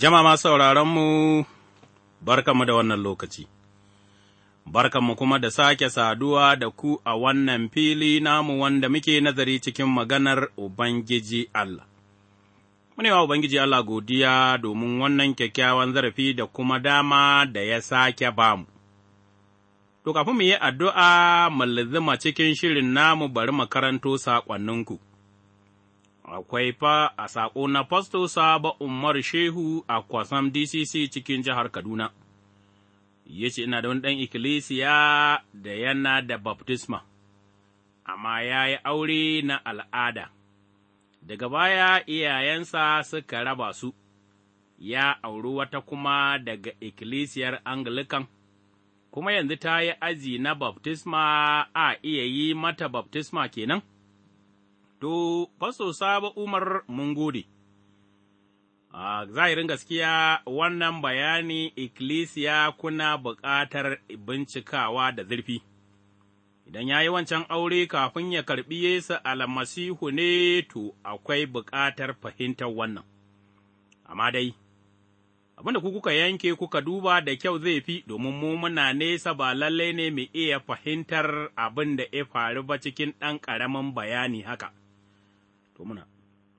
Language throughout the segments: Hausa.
Jama'a sauraronmu, barkanmu da wannan lokaci, barkanmu kuma da sake saduwa da ku a wannan fili namu wanda muke nazari cikin maganar Ubangiji Allah. Mune wa Ubangiji Allah godiya domin wannan kyakkyawan zarafi da kuma dama da ya sake bamu. To, kafin mu yi addu'a, mallazuma cikin shirin namu bari makaranto saƙonninku. akwai fa a saƙo na Fasto Saba Umar Shehu a Kwasam DCC cikin jihar Kaduna, ya ce ina da wani ɗan ikkilisiya da yana da baptisma, amma ya yi aure na al'ada, daga baya iyayensa suka raba su, ya auri wata kuma daga ikkilisiyar Anglican. kuma yanzu ta yi aji na baptisma a iya yi mata baptisma kenan? To, faso Sabo Umar mun gode. A zahirin gaskiya wannan bayani ikkilisiya kuna bukatar bincikawa da zurfi, idan ya yi wancan aure kafin ya karɓi Yesu almasihu ne to akwai bukatar fahimtar wannan, amma dai, abinda da kuka yanke kuka duba da kyau zai fi domin mu muna nesa ba lallai ne mu iya fahimtar abin da ya faru ba cikin ɗan ƙaramin bayani haka. To muna,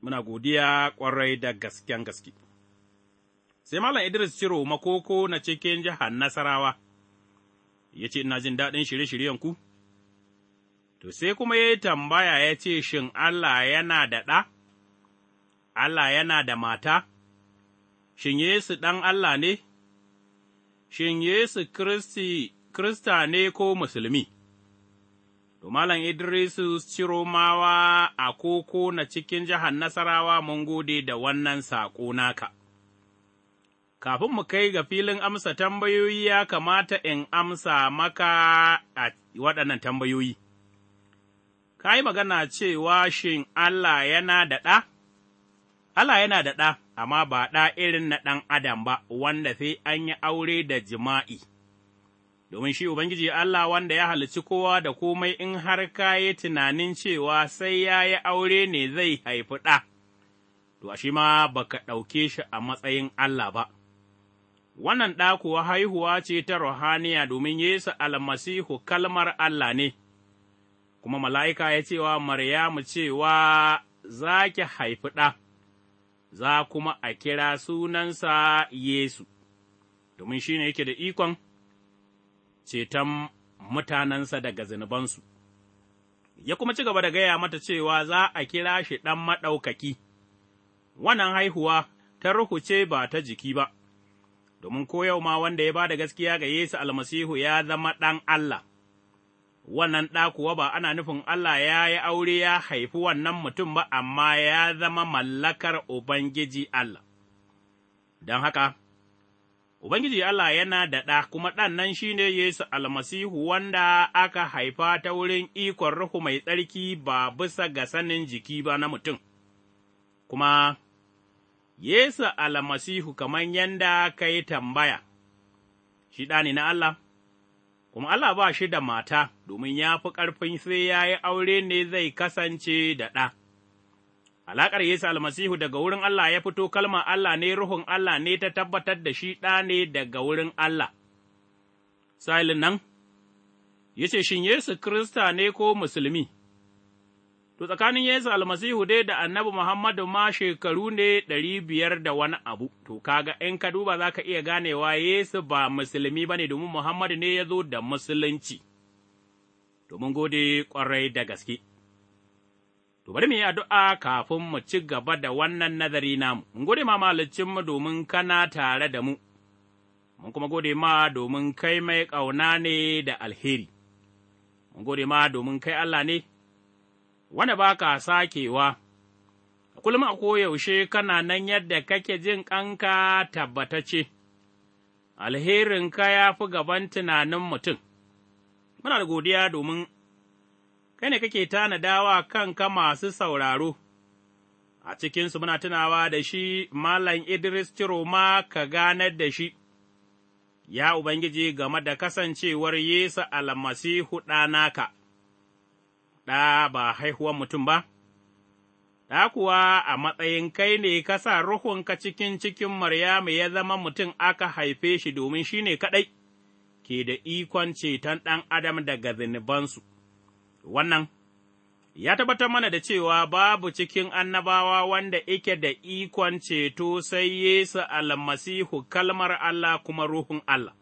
muna godiya ƙwarai da gasken gaske. Sai Malam Idris Ciro makoko na cikin jihar Nasarawa, ya ce, Ina jin daɗin shirye-shiryen ku? To sai kuma ya yi tambaya ya ce, Shin Allah yana da ɗa? Allah yana da mata? Shin Yesu ɗan Allah ne? Shin Yesu Kristi Kirista ne ko Musulmi? To Malam Idrisu Ciromawa a koko na cikin jihar Nasarawa mun gode da wannan saƙo naka. Kafin mu kai ga filin amsa tambayoyi ya kamata in amsa maka a waɗannan tambayoyi. Ka yi magana cewa shin Allah yana da ɗa? Allah yana da ɗa, amma ba ɗa irin na ɗan Adam ba, wanda sai an yi aure da jima'i. domin shi Ubangiji Allah wanda ya halici kowa da komai in har ka yi tunanin cewa sai ya yi aure ne zai haifi ɗa, to, shi ma ba ka ɗauke shi a matsayin Allah ba. Wannan ɗa kuwa haihuwa ce ta ruhaniya domin Yesu almasihu kalmar Allah ne, kuma mala'ika ya cewa Maryamu cewa za ki haifi ɗa, za kuma a kira sunansa Yesu, domin shi ne yake da ikon. ceton mutanensa daga zunubansu. Ya kuma ci gaba da gaya mata cewa za a kira shi ɗan maɗaukaki, wannan haihuwa ta ruhu ce ba ta jiki ba, domin ko yau ma wanda ya ba da gaskiya ga Yesu almasihu ya zama ɗan Allah, wannan ɗa kuwa ba ana nufin Allah ya yi aure ya haifi wannan mutum ba, amma ya zama mallakar Ubangiji Allah. Don haka, Ubangiji Allah yana da ɗa, kuma ɗan nan shi ne Yesu almasihu wanda aka haifa ta wurin ikon Ruhu mai tsarki ba bisa ga sanin jiki ba na mutum, kuma Yesu almasihu kamar yanda ka yi tambaya, shi ɗa ne na Allah, kuma Allah ba shi da mata, domin ya fi ƙarfin sai ya yi aure ne zai kasance da ɗa. Alaƙar Yesu almasihu daga wurin Allah ya fito kalma Allah ne ruhun Allah ne ta tabbatar da shi ɗa ne daga wurin Allah. Sa'ilin nan, ya ce, Shin Yesu Kirista ne ko Musulmi? To, tsakanin Yesu almasihu dai da annabi Muhammadu ma shekaru ne ɗari biyar da wani abu, to, kaga in ka duba za ka iya ganewa Yesu ba Musulmi ba ne domin Muhammadu ne ya zo da Musulunci. To, gode ƙwarai da gaske. To bari mu yi addu'a kafin mu ci gaba da wannan nazari namu, mun gode ma mu domin kana tare da mu, mun kuma gode ma domin kai mai ƙauna ne da alheri, mun gode ma domin kai Allah ne, wanda ba ka sakewa, kullum a koyaushe kana nan yadda kake jin ƙanka tabbatace, alherinka ya fi gaban tunanin mutum, muna da godiya domin kai ne kake tanadawa kanka masu sauraro, a cikinsu muna tunawa da shi Malam Idris Ciroma ka ganar da shi, ya Ubangiji game da kasancewar Yesu almasihu ɗanaka, ɗa ba haihuwan mutum ba, ɗa kuwa a matsayin kai ne ka sa ruhunka cikin cikin Maryamu ya zama mutum aka haife shi domin shi ne kaɗai. Ke da ikon ceton ɗan adam daga zunubansu. wannan, ya tabbatar mana da cewa babu cikin annabawa wanda ike da ikon ceto sai Yesu almasihu kalmar Allah kuma Ruhun Allah.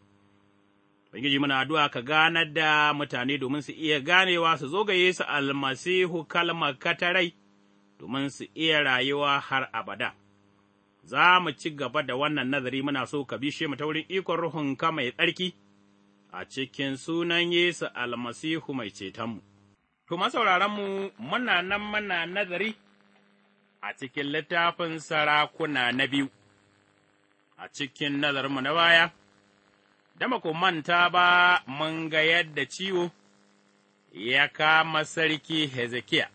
Ubangiji muna addu'a ka ganar da mutane domin su iya ganewa su zo ga Yesu almasihu kalmar katarai domin su iya rayuwa har abada. Za mu ci gaba da wannan nazari muna so ka bishe mu ta wurin ikon ruhunka mai tsarki a cikin sunan Yesu almasihu mai cetonmu. To, masauraranmu muna nan mana nazari a cikin littafin sarakuna na biyu, a cikin nazarinmu na baya, dama ku manta ba mun ga yadda ciwo ya kama sarki Hezekiya,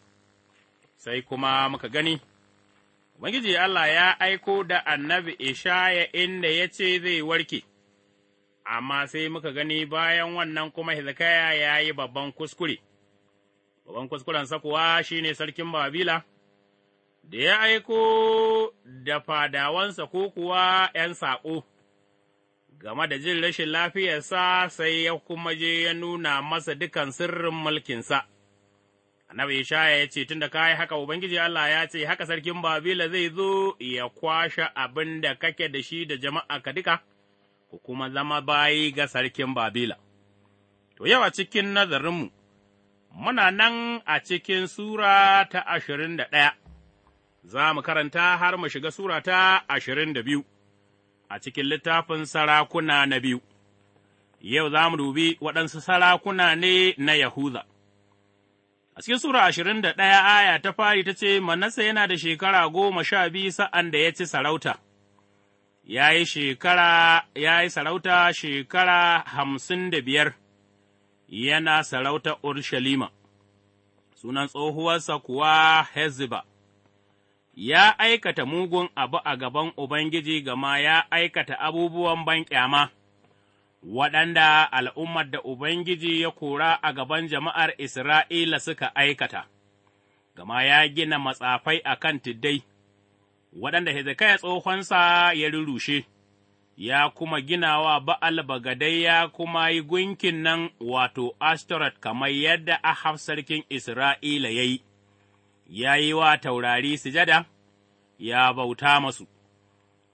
sai kuma muka gani, Ubangiji Allah ya aiko da annabi Ishaya inda ya ce zai warke, amma sai muka gani bayan wannan kuma Hezekiya ya yi babban kuskure. uban kuskurensa kuwa shi ne sarkin Babila, da ya aiko da fadawansa ko kuwa ’yan saƙo, game da jin rashin lafiyarsa sai ya kuma je ya nuna masa dukan sirrin mulkinsa. Annabi Ishaya ya ce, Tun da yi haka Ubangiji Allah ya ce, Haka sarkin Babila zai zo ya kwashe abin da kake da shi da jama'a ka duka, ku kuma zama bayi ga sarkin Babila. To, yawa cikin nazarinmu, muna nan a cikin Sura ta ashirin da ɗaya, za mu karanta har mu shiga Sura ta ashirin da biyu a cikin littafin sarakuna na biyu. Yau za mu dubi waɗansu sarakuna ne na Yahuza. A cikin Sura ashirin da ɗaya aya ta fari ta ce, Manasa yana da shekara goma sha biyu sa'an da ya ci sarauta, ya yi sarauta shekara hamsin da biyar. yana sarautar Urshalima, sunan tsohuwarsa kuwa Hezba. ya aikata mugun abu a gaban Ubangiji gama ya aikata abubuwan banƙyama, waɗanda al'ummar da Ubangiji ya kora a gaban jama'ar Isra'ila suka aikata, gama ya gina matsafai a kan tiddai, waɗanda Hezekiah tsohonsa ya rurushe ya kuma gina wa Ba'al bagadai ya kuma yi gunkin nan wato Ashtoreth kamar yadda Ahab sarkin Isra'ila ya yi, ya yi wa taurari sujada, ya bauta masu.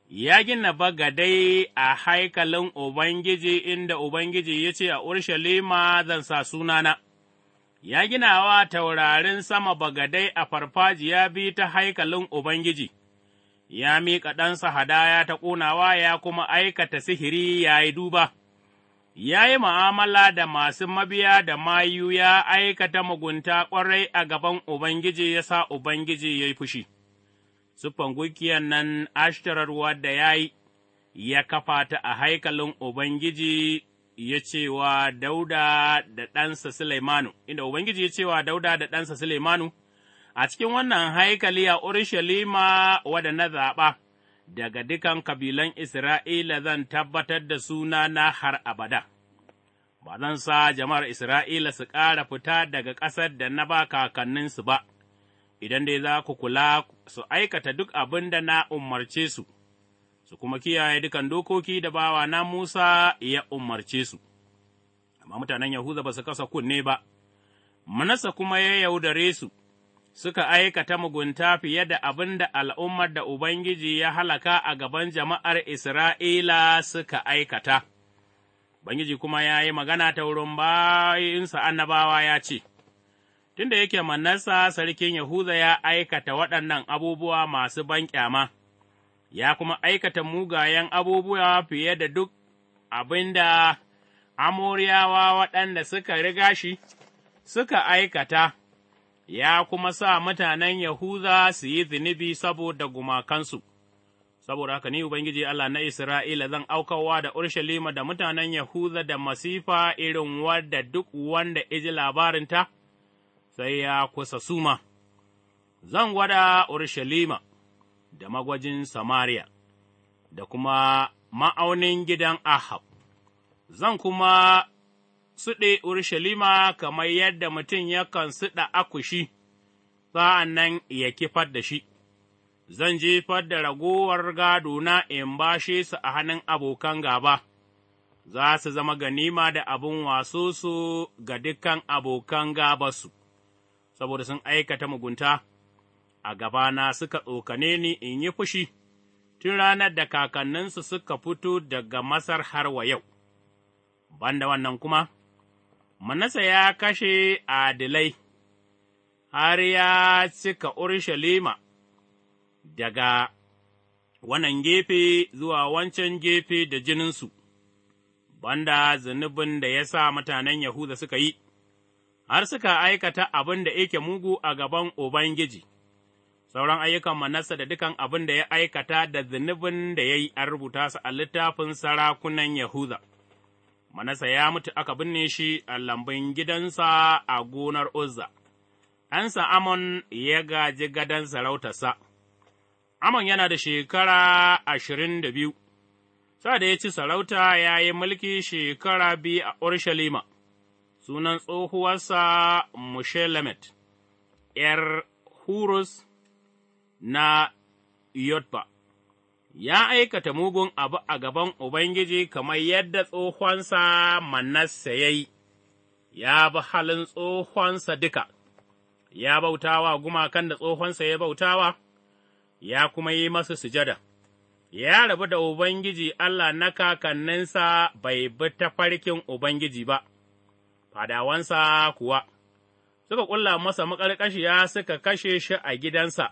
Ya gina bagadai a haikalin Ubangiji inda Ubangiji ya ce a Urshalima zan sa sunana. Ya gina wa taurarin sama bagadai a farfajiya bi ta haikalin Ubangiji. ya miƙa ɗansa hadaya ta ƙonawa ya kuma aikata sihiri ya yi duba, ya yi ma'amala da masu mabiya da mayu ya aikata mugunta ƙwarai a gaban Ubangiji ya sa Ubangiji ya yi fushi. Sufan gukiyan nan ashtararwa da ya yi, ya kafa ta a haikalin Ubangiji ya ce Dauda da ɗansa Suleimanu, inda Ubangiji ya ce Dauda da ɗansa Suleimanu, a cikin wannan haikali a Urushalima wadda na zaɓa, daga dukan kabilan Isra'ila zan tabbatar da suna na har abada. Ba zan sa jama'ar Isra'ila su ƙara fita daga ƙasar da na ba kakanninsu ba, idan dai za ku kula su aikata duk abin da na umarce su, su kuma kiyaye dukan dokoki da bawa na Musa ya umarce su. Amma mutanen Yahuza ba su kasa kunne ba, Manasa kuma ya yaudare su. suka aikata mugunta fiye da abin da al'ummar da Ubangiji ya halaka a gaban jama'ar Isra'ila suka aikata. Ubangiji kuma ya yi magana ta wurin bayinsa annabawa ya ce, Tunda yake mannarsa, sarkin Yahuza ya aikata waɗannan abubuwa masu banƙyama, ya kuma aikata mugayen abubuwa fiye da duk abin da Amoriyawa waɗanda suka riga shi suka aikata. ya kuma sa mutanen Yahuza su yi zunubi saboda gumakansu. Saboda haka ni Ubangiji Allah na Isra'ila zan aukawa da Urshalima da mutanen Yahuza da masifa irin wadda duk wanda iji labarinta sai ya kusa suma. Zan gwada Urshalima da magwajin Samariya da kuma ma'aunin gidan Ahab, zan kuma suɗe Urushalima kamar yadda mutum yakan suɗa akushi, sa'an nan ya kifar da shi, zan jefar da ragowar gadona in bashe su a hannun abokan gaba, za su zama ganima da abin waso su ga dukan abokan gabasu, saboda sun aikata mugunta, a gabana suka tsokane ni in yi fushi, tun ranar da kakanninsu suka fito daga Masar har wa yau. banda wannan kuma, Manasa ya kashe adilai, har ya cika Urushalima daga wannan gefe zuwa wancan gefe da jininsu, banda zunubin da ya sa mutanen Yahuda suka yi, har suka aikata abin da yake mugu a gaban Ubangiji, sauran ayyukan Manasa da dukan abin da ya aikata da zunubin da ya yi an rubuta su a littafin sarakunan Yahuda. Manasa ya mutu aka binne shi a lambun gidansa a gonar Uzza, ɗansa Amon ya gaji gadon sarautarsa, Amon yana da shekara ashirin da biyu, sa da ya ci sarauta ya yi mulki shekara biyu a Urshalima, sunan tsohuwarsa Mushelamet, ’yar Hurus na Yotba. ya aikata mugun abu a gaban Ubangiji kamar yadda tsohonsa Manasse ya yi, ya bi halin tsohonsa duka, ya bautawa gumakan da tsohonsa ya bautawa, ya kuma yi masu sujada. Ya rabu da Ubangiji Allah na kakanninsa bai bi ta farkin Ubangiji ba, fadawansa kuwa, suka ƙulla masa maƙarƙashiya suka kashe shi a gidansa.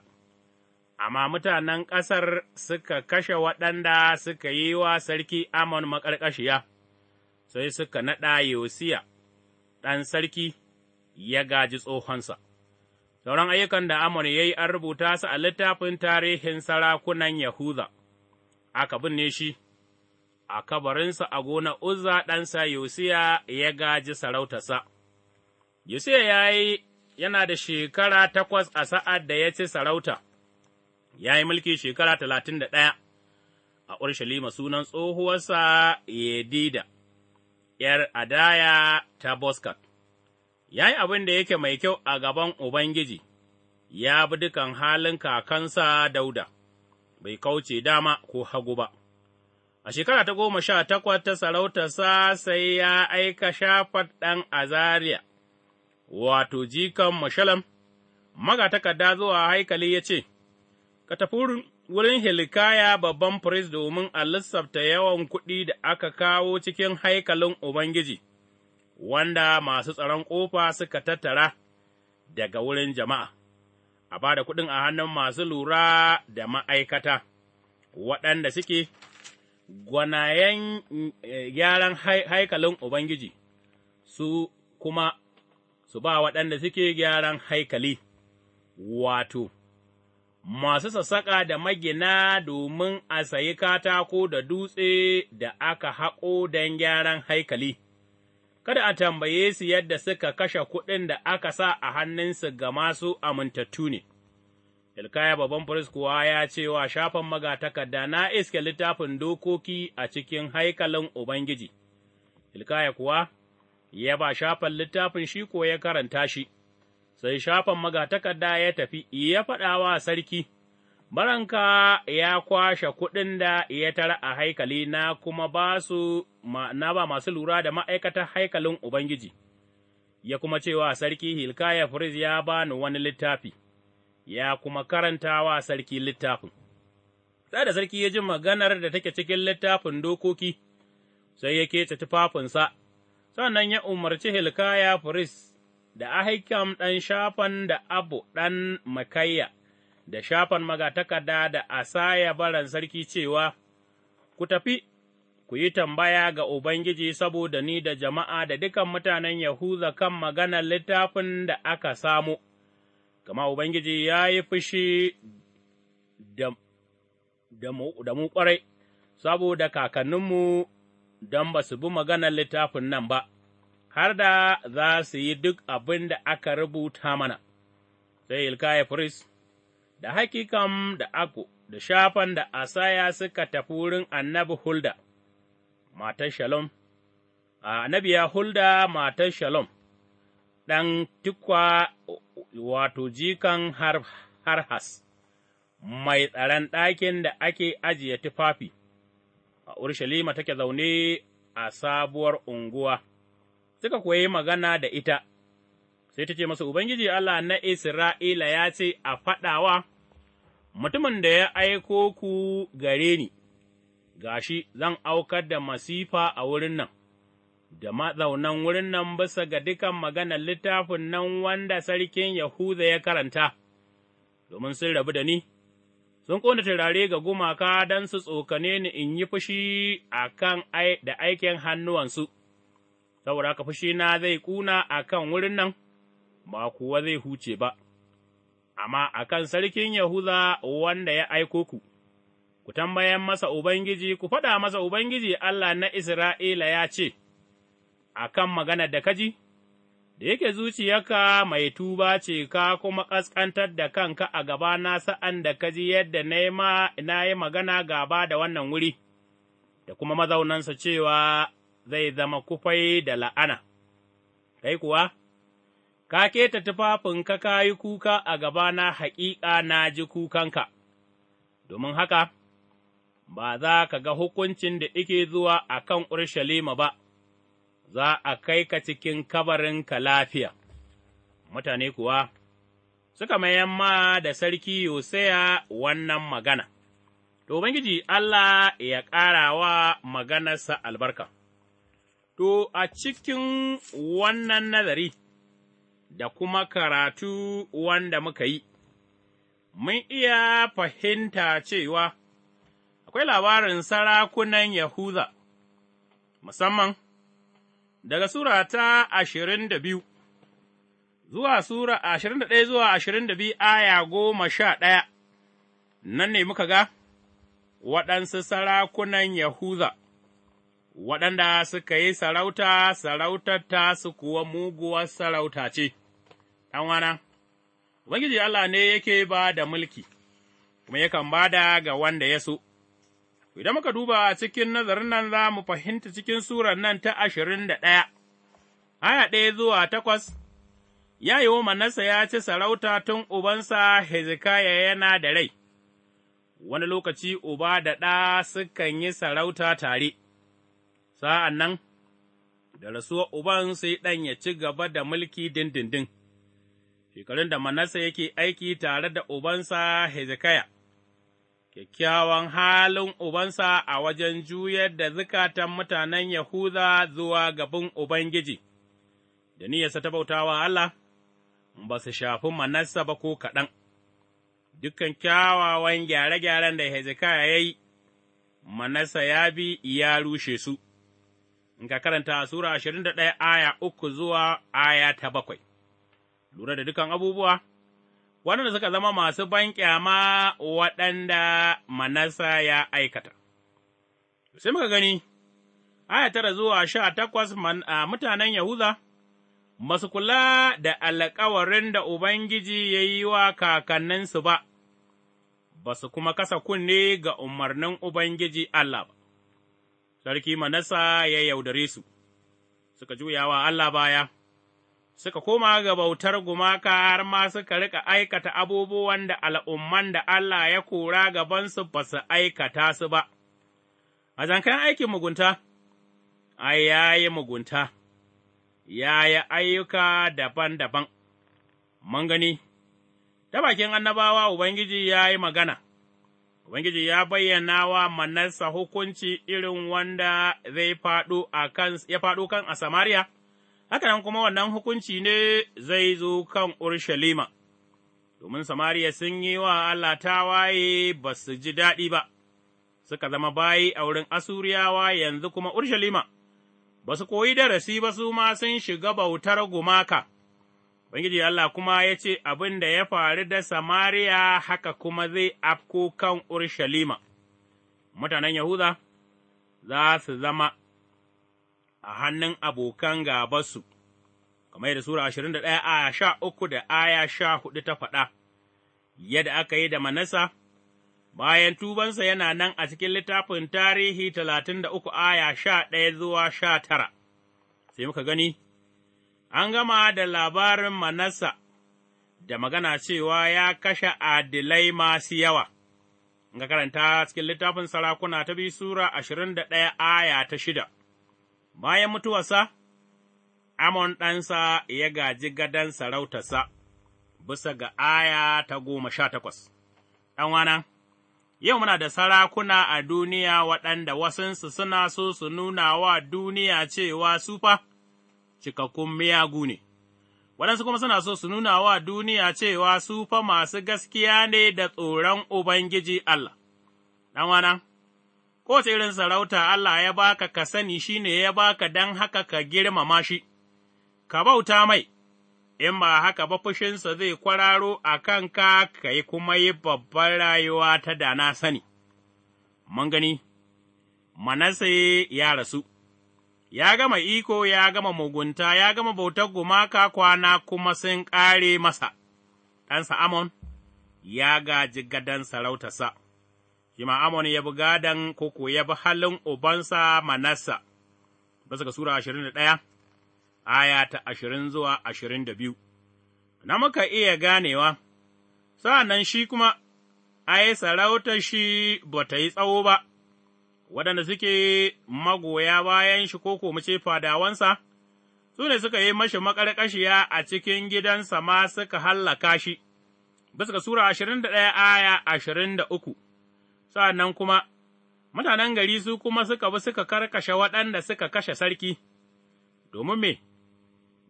amma mutanen ƙasar suka kashe waɗanda suka yi wa sarki Amon maƙarƙashiya, sai suka naɗa Yosiya, ɗan sarki, ya gaji tsohonsa. Sauran ayyukan da Amon ya yi an rubuta su a littafin tarihin sarakunan Yahuda, aka binne shi, a kabarinsa a gona Uzza ɗansa Yosiya ya gaji sarautarsa. Yosiya ya yi yana da shekara takwas a sa'ad da ya ci sarauta. ya yi mulki shekara talatin da ɗaya a Urshalima sunan tsohuwarsa Yedida, ’yar adaya ta Boskat, ya yi abin da yake mai kyau a gaban Ubangiji, ya bi dukan halin kakansa Dauda, bai kauce dama ko hagu ba. A shekara ta goma sha takwas ta sarautarsa sai ya aika shafat ɗan Azariya, wato jikan Mashalam, magatakarda zuwa haikali ya ce, ka tafi wurin Helikaya babban firist domin a lissafta yawan kuɗi da aka kawo cikin haikalin Ubangiji, wanda masu tsaron ƙofa suka tattara daga wurin jama'a, a ba da kuɗin a hannun masu lura da ma'aikata, waɗanda suke gwanayen eh, gyaran haikalin Ubangiji, su kuma su ba waɗanda suke gyaran haikali, wato. masu sassaƙa da magina domin a sayi katako da dutse da aka haƙo don gyaran haikali. Kada a tambaye su yadda suka kashe kuɗin da aka sa a hannunsu ga masu amintattu ne. Ilkaya babban firist kuwa ya ce wa shafan magatakarda na iske littafin dokoki a cikin haikalin Ubangiji. Ilkaya kuwa ya ba shafan littafin shi ko ya karanta shi. sai shafan magatakarda ya tafi, ya faɗa wa sarki, Baranka ya kwashe kuɗin da ya tara a haikali na kuma ba su na ba masu lura da ma'aikatar haikalin Ubangiji, ya kuma cewa sarki Hilkaya Firiz ya ba ni wani littafi, ya kuma karanta wa sarki littafin. Sai da sarki ya ji maganar da take cikin littafin dokoki, sai ya kece tufafinsa, sannan ya umarci Hilkaya Firiz da Ahikam ɗan Shafan da Abu ɗan Makayya, da Shafan magatakarda da Asaya baran sarki cewa, Ku tafi, ku yi tambaya ga Ubangiji saboda ni da jama'a da dukan mutanen Yahuza kan maganar littafin da aka samu, gama Ubangiji ya yi fushi da, mu ƙwarai, saboda kakanninmu don ba su bi maganar littafin nan ba. har da za su yi duk abin da aka rubuta mana, sai Ilkaya Firis, da hakikam da ako, da shafan da asaya suka tafi wurin annabi Hulda, matar Shalom, A annabiya Hulda matar Shalom, ɗan tukwa wato jikan har, harhas, mai tsaron ɗakin da ake ajiye tufafi, a Urushalima take zaune a sabuwar unguwa. suka koyi magana da ita, sai ta ce masa, Ubangiji Allah na Isra'ila ya ce a faɗawa, mutumin da ya aiko ku gare ni, gashi zan aukar da masifa a wurin nan, da mazaunan wurin nan bisa ga dukan maganar littafin nan wanda sarkin Yahuda ya karanta, domin sun rabu da ni. sun ƙona turare ga gumaka don su tsokane ni in yi fushi a kan da aikin hannuwansu, saboda haka fushina zai ƙuna a kan wurin nan, ba kuwa zai huce ba, amma a kan sarkin Yahuza wanda ya aiko ku, ku tambayan masa Ubangiji, ku faɗa masa Ubangiji Allah na Isra'ila ya ce, A kan magana da kaji, da yake zuciyarka mai tuba ce ka kuma ƙasƙantar da kanka a gabana sa'an da kaji yadda na yi magana gaba da wannan wuri, da kuma mazaunansa cewa zai zama kufai da la'ana, kai kuwa, ka keta tufafin ka yi kuka a gabana haƙiƙa na ji kukanka, domin haka, ba za ka ga hukuncin da ike zuwa a kan Urshalima ba, za a kai ka cikin kabarinka lafiya, mutane kuwa. suka mayan ma da sarki Yosaya wannan magana, to Ubangiji Allah ya ƙara wa maganarsa albarka. To, a cikin wannan nazari da kuma karatu wanda muka yi, mun iya fahimta cewa akwai labarin sarakunan Yahuza, musamman daga Sura ta ashirin da biyu zuwa Sura ashirin da ɗaya zuwa ashirin da biyu aya goma sha ɗaya, nan ne muka ga waɗansu sarakunan Yahuza. waɗanda suka yi sarauta, sarautar su kuwa muguwar sarauta ce, ɗanwana, Ubangiji Allah ne yake ba da mulki, kuma yakan ba da ga wanda ya so. Idan muka duba cikin nazarin nan za mu fahimta cikin sura nan ta ashirin da ɗaya, aya ɗaya zuwa takwas, ya yi wa Manasa ya ci sarauta tun ubansa Hezekiah yana da rai, wani lokaci uba da ɗa sukan yi sarauta tare. sa'an nan, da rasuwar uban sai ɗan ya ci gaba da mulki dindindin, shekarun da Manasse yake aiki tare da ubansa Hezekiah, kyakkyawan halin ubansa a wajen juyar da zukatan mutanen Yahuda zuwa gaban Ubangiji, da niyyarsa ta bautawa Allah, ba su shafi Manasse ba ko kaɗan. Dukan kyawawan gyare-gyaren da Hezekiah ya yi, Manasa ya bi ya rushe su. in ka karanta Sura ashirin da ɗaya aya uku zuwa aya ta bakwai, lura da dukan abubuwa, waɗanda suka zama masu banƙyama waɗanda Manasa ya aikata. Sai muka gani, aya tara zuwa sha takwas mutanen Yahuza, masu kula da alkawarin da Ubangiji ya yi wa kakanninsu ba, ba su kuma kasa kunne ga umarnin Ubangiji Allah ba. sarki manasa ya yaudare su, suka juya wa Allah baya, suka koma ga bautar gumaka har ma suka rika aikata abubuwan da al'umman da Allah ya kora gabansu ba su aikata su ba. A zankan aikin mugunta, ai, ya yi mugunta, ya yi ayyuka daban-daban, mun ta bakin annabawa Ubangiji ya yi magana. Ubangiji ya bayyana wa Manassa hukunci irin wanda zai faɗo a kan, ya faɗo kan a Samariya, hakanan kuma wannan hukunci ne zai zo kan Urshalima. domin Samariya sun yi wa Allah tawaye ba su ji daɗi ba, suka zama bayi a wurin Asuriyawa yanzu kuma Urshalima ba su koyi darasi ba su ma sun shiga bautar gumaka. Ubangiji Allah kuma ya ce abin da ya faru da Samariya haka kuma zai afko kan Urshalima, mutanen Yahuda za su zama a hannun abokan gabasu, kamar yadda Sura ashirin da ɗaya aya sha uku da aya sha hudu ta faɗa, yadda aka yi da Manasa, bayan tubansa yana nan a cikin littafin tarihi talatin da uku aya sha ɗaya zuwa sha tara, sai muka gani. an gama da labarin manasa da magana cewa ya kashe adilai masu yawa, ga karanta cikin littafin sarakuna ta biyu Sura ashirin da ɗaya aya ta shida, bayan mutuwarsa, Amon ɗansa ya gaji gadon sarautarsa, bisa ga aya ta goma sha takwas, ɗanwana. Yau muna da sarakuna a duniya waɗanda wasansu suna so su nuna wa duniya cewa sufa fa cikakkun miyagu ne, waɗansu kuma suna so su nuna wa duniya cewa su fa masu gaskiya ne da tsoron Ubangiji Allah, ɗanwana, kowace irin sarauta Allah ya baka ka sani shi ne ya baka don haka ka girmama shi, ka bauta mai, in ba haka ba fushinsa zai kwararo a kan ka yi kuma yi babban rayuwa ta dana sani. Mun gani, Manasse ya rasu. ya gama iko, ya gama mugunta, ya gama bautar gumaka kwana kuma sun ƙare masa, ɗansa Amon ya gaji gadon sarautarsa, shi ma Amon ya bi gadon koko ya bi halin ubansa Manassa, bisa ga Sura ashirin da ɗaya, aya ta ashirin zuwa ashirin da biyu, na muka iya ganewa, sa'an nan shi kuma, ai, sarautar shi ba ta yi tsawo ba, waɗanda suke magoya bayan shi ko mu ce fadawansa, su ne suka yi mashi maƙarƙashiya a cikin gidansa ma suka hallaka shi, bisa Sura ashirin da ɗaya aya ashirin da uku, sa'an nan kuma, mutanen gari su kuma suka bi suka karkashe waɗanda suka kashe sarki, domin me,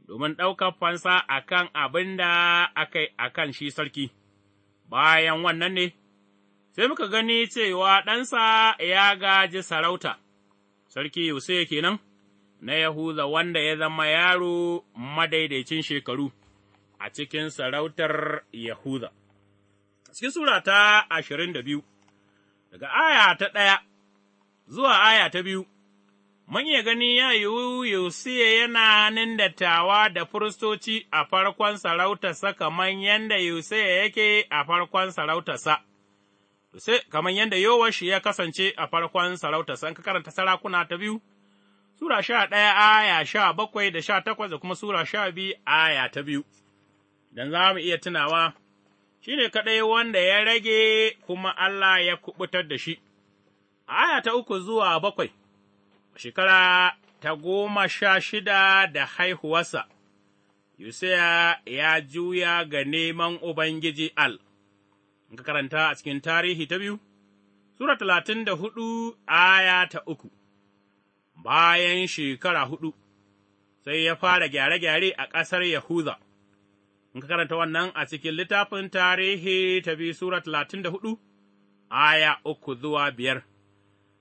domin ɗaukar fansa a kan abin da aka yi a kan shi sarki, bayan wannan ne. sai muka gani cewa ɗansa ya gaji sarauta, sarki Yusuf kenan na Yahuza wanda ya zama yaro madaidaicin shekaru a cikin sarautar Yahuza. Cikin Sura ta ashirin da biyu, daga aya ta ɗaya zuwa aya ta biyu, mun iya gani ya yiwu Yosiya yana hannun tawa da firistoci a farkon sarautarsa kamar yadda Yosiya yake a farkon sarautarsa. sai kamar yadda Yowash ya kasance a farkon sarauta san ka karanta sarakuna ta biyu, Sura sha ɗaya aya sha bakwai da sha takwas da kuma Sura sha biyu aya ta biyu, don za mu iya tunawa, shi ne kaɗai wanda ya rage kuma Allah ya kuɓutar da shi. Aya ta uku zuwa bakwai, shekara ta goma sha shida da haihuwarsa, Yusaya ya juya ga neman Ubangiji Al. ga ka karanta a cikin tarihi ta biyu, Sura talatin da hudu aya ta uku, bayan shekara hudu, sai ya fara gyare-gyare a ƙasar Yahuza, ga karanta wannan a cikin littafin tarihi ta biyu Sura talatin da hudu, aya uku zuwa biyar.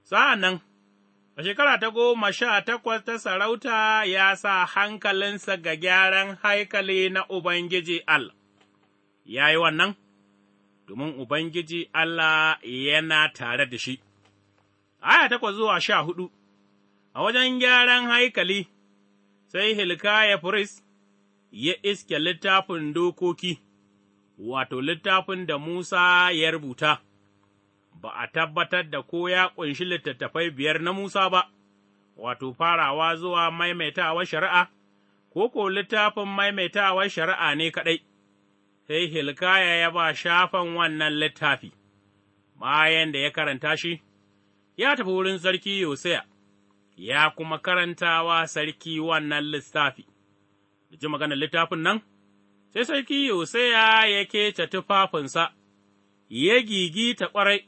Sa'an nan, a shekara ta goma sha takwas ta sarauta ya sa hankalinsa ga gyaran haikali na Ubangiji Allah, ya yi wannan? domin Ubangiji Allah yana tare da shi. Aya takwas zuwa sha hudu A wajen gyaran haikali, sai Hilkaya firist ya iske littafin dokoki, wato littafin da Musa ya rubuta, ba a tabbatar da ko ya ƙunshi littattafai biyar na Musa ba, wato farawa zuwa maimaitawar shari'a, ko ko littafin maimaitawar shari'a ne kaɗai. sai Hilkaya ya ba shafan wannan littafi, bayan da ya karanta shi, ya tafi wurin sarki Yosaya, ya kuma karantawa sarki wannan littafi, da ji maganar littafin nan, sai sarki Yosaya ya kece tufafinsa, ya gigi gigita ƙwarai,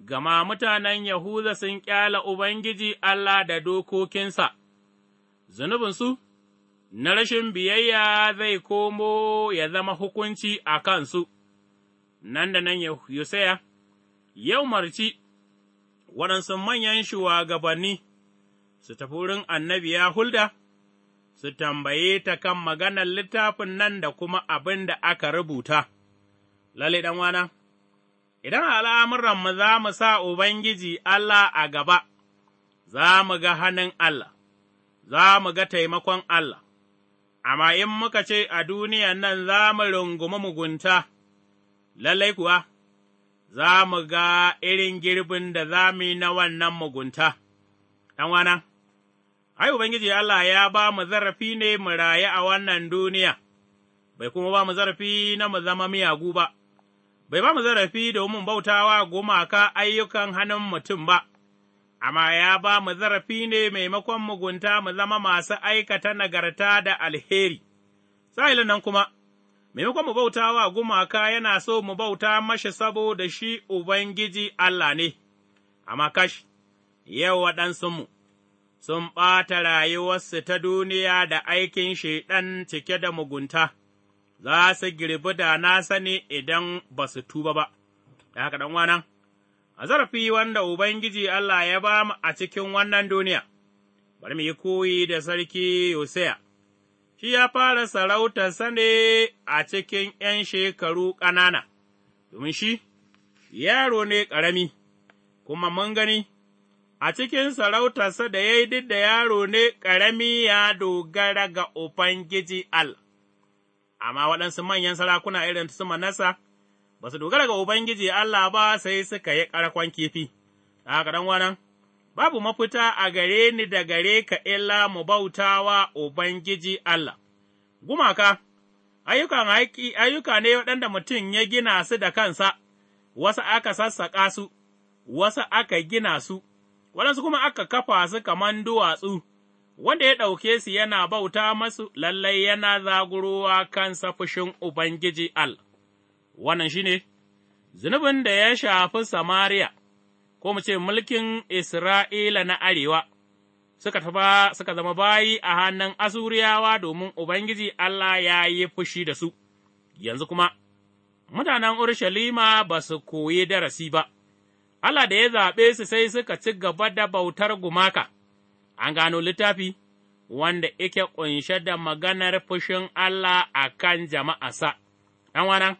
gama mutanen Yahuza sun ƙyala Ubangiji Allah da dokokinsa, zunubinsu. su. na rashin biyayya zai komo ya zama hukunci a kansu, nan da nan Yusaya, yau marci waɗansu manyan shugabanni su tafi wurin annabi ya hulda, su tambaye ta kan maganar littafin nan da kuma abin da aka rubuta, lalle wana idan al'amuranmu za mu sa Ubangiji Allah a gaba, za mu ga hannun Allah, za mu ga taimakon Allah. amma in muka ce a duniyan nan za mu rungumi mugunta, lallai kuwa, za mu ga irin girbin da za mu yi na wannan mugunta, ’yan'wana, ai, Ubangiji Allah ya ba mu zarafi ne mu rayu a wannan duniya, bai kuma ba mu zarafi na mu zama miyagu ba, bai ba mu zarafi domin bautawa gumaka ayyukan hannun mutum ba. amma ya ba mu zarafi ne maimakon mugunta mu zama masu aikata nagarta da alheri. Sa'ilin nan kuma, maimakon mu bauta wa gumaka yana so mu bauta mashi saboda shi Ubangiji Allah ne, amma kash, yau waɗansunmu sun ɓata rayuwarsu ta duniya da aikin shaiɗan cike da mugunta, za su girbi da na sani idan ba su tuba ba, da haka ɗan a zarafi wanda Ubangiji Allah ya ba mu a cikin wannan duniya, bari mu yi koyi da sarki Yosiya, shi ya fara sarautarsa ne a cikin ’yan shekaru ƙanana, domin shi yaro ne ƙarami, kuma mun gani, a cikin sarautarsa da ya yi duk da yaro ne ƙarami ya dogara ga Ubangiji Allah, amma waɗansu manyan sarakuna irin su Manasa. ba su dogara ga Ubangiji Allah ba sai suka yi ƙarkon kifi, A kaɗan wannan, babu mafita a gare ni da gare ka illa mu bautawa Ubangiji Allah. Gumaka, ayyukan ayyuka ne waɗanda mutum ya gina su da kansa, wasu aka sassaƙa su, wasu aka gina su, waɗansu kuma aka kafa su kaman duwatsu. wanda ya ɗauke su yana bauta masu, lallai yana zagurowa kansa fushin Ubangiji Allah. wannan shi ne, zunubin da ya shafi Samariya, ko mu ce mulkin Isra'ila na Arewa, suka, suka zama bayi a hannun Asuriyawa domin Ubangiji Allah ya yi fushi da su, yanzu kuma, mutanen Urushalima ba su koyi darasi ba, Allah da ya zaɓe su sai suka ci gaba da bautar gumaka, an gano littafi. wanda yake ƙunshe da maganar fushin Allah a kan jama'asa, ’yan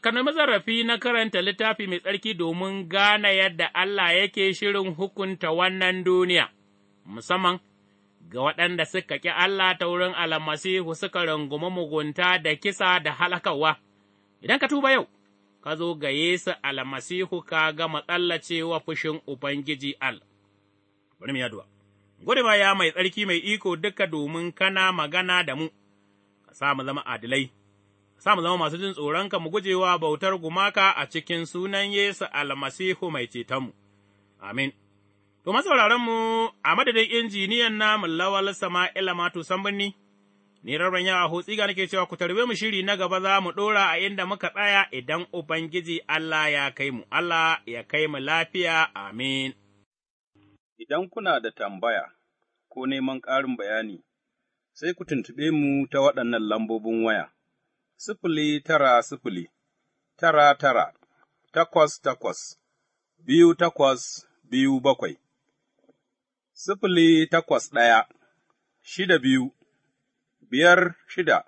ka nemi zarafi na karanta littafi mai tsarki domin gane yadda Allah yake shirin hukunta wannan duniya, musamman ga waɗanda suka ƙi Allah ta wurin almasihu suka rungumi mugunta da kisa da halakawa. Idan ka tuba yau, ka zo ga Yesu almasihu ka gama tsallacewa fushin Ubangiji al. Bari mu yaduwa. Gode ya mai tsarki mai iko duka domin kana magana da mu, ka sa mu zama adilai. sa mu zama masu jin tsoronka mu guje wa bautar gumaka a cikin sunan Yesu almasihu mai cetonmu. Amin. To, mu a madadin injiniyan namu lawal Sama'ila Matu Sambunni, ni rarren yawa hotsi ga nake cewa ku tarbe mu shiri na gaba za mu ɗora a inda muka tsaya idan Ubangiji Allah ya kai mu, Allah ya kai mu lafiya, amin. Idan kuna da tambaya ko neman ƙarin bayani, sai ku tuntuɓe mu ta waɗannan lambobin waya. sifili tara sifili, tara tara, takwas takwas, biyu takwas biyu bakwai, sifili takwas ɗaya, shida biyu, biyar shida,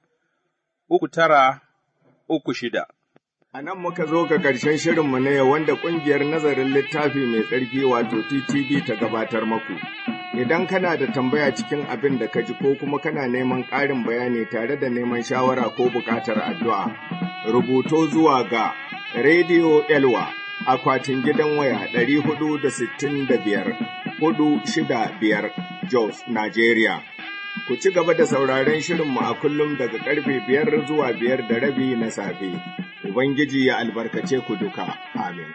uku tara, uku shida. A nan muka zo ga ƙarshen shirinmu ne wanda ƙungiyar nazarin littafi mai tsarki wato TTV ta gabatar maku. Idan kana da tambaya cikin abin da ka ji ko kuma kana neman ƙarin bayani tare da neman shawara ko buƙatar addu'a, rubuto zuwa ga Radio Elwa akwatin gidan waya 465 biyar, Jos, Nigeria. Ku ci gaba da sauraron shirinmu a kullum daga ƙarfe biyar zuwa biyar da rabi na safe. Ubangiji ya albarkace ku duka. Amin.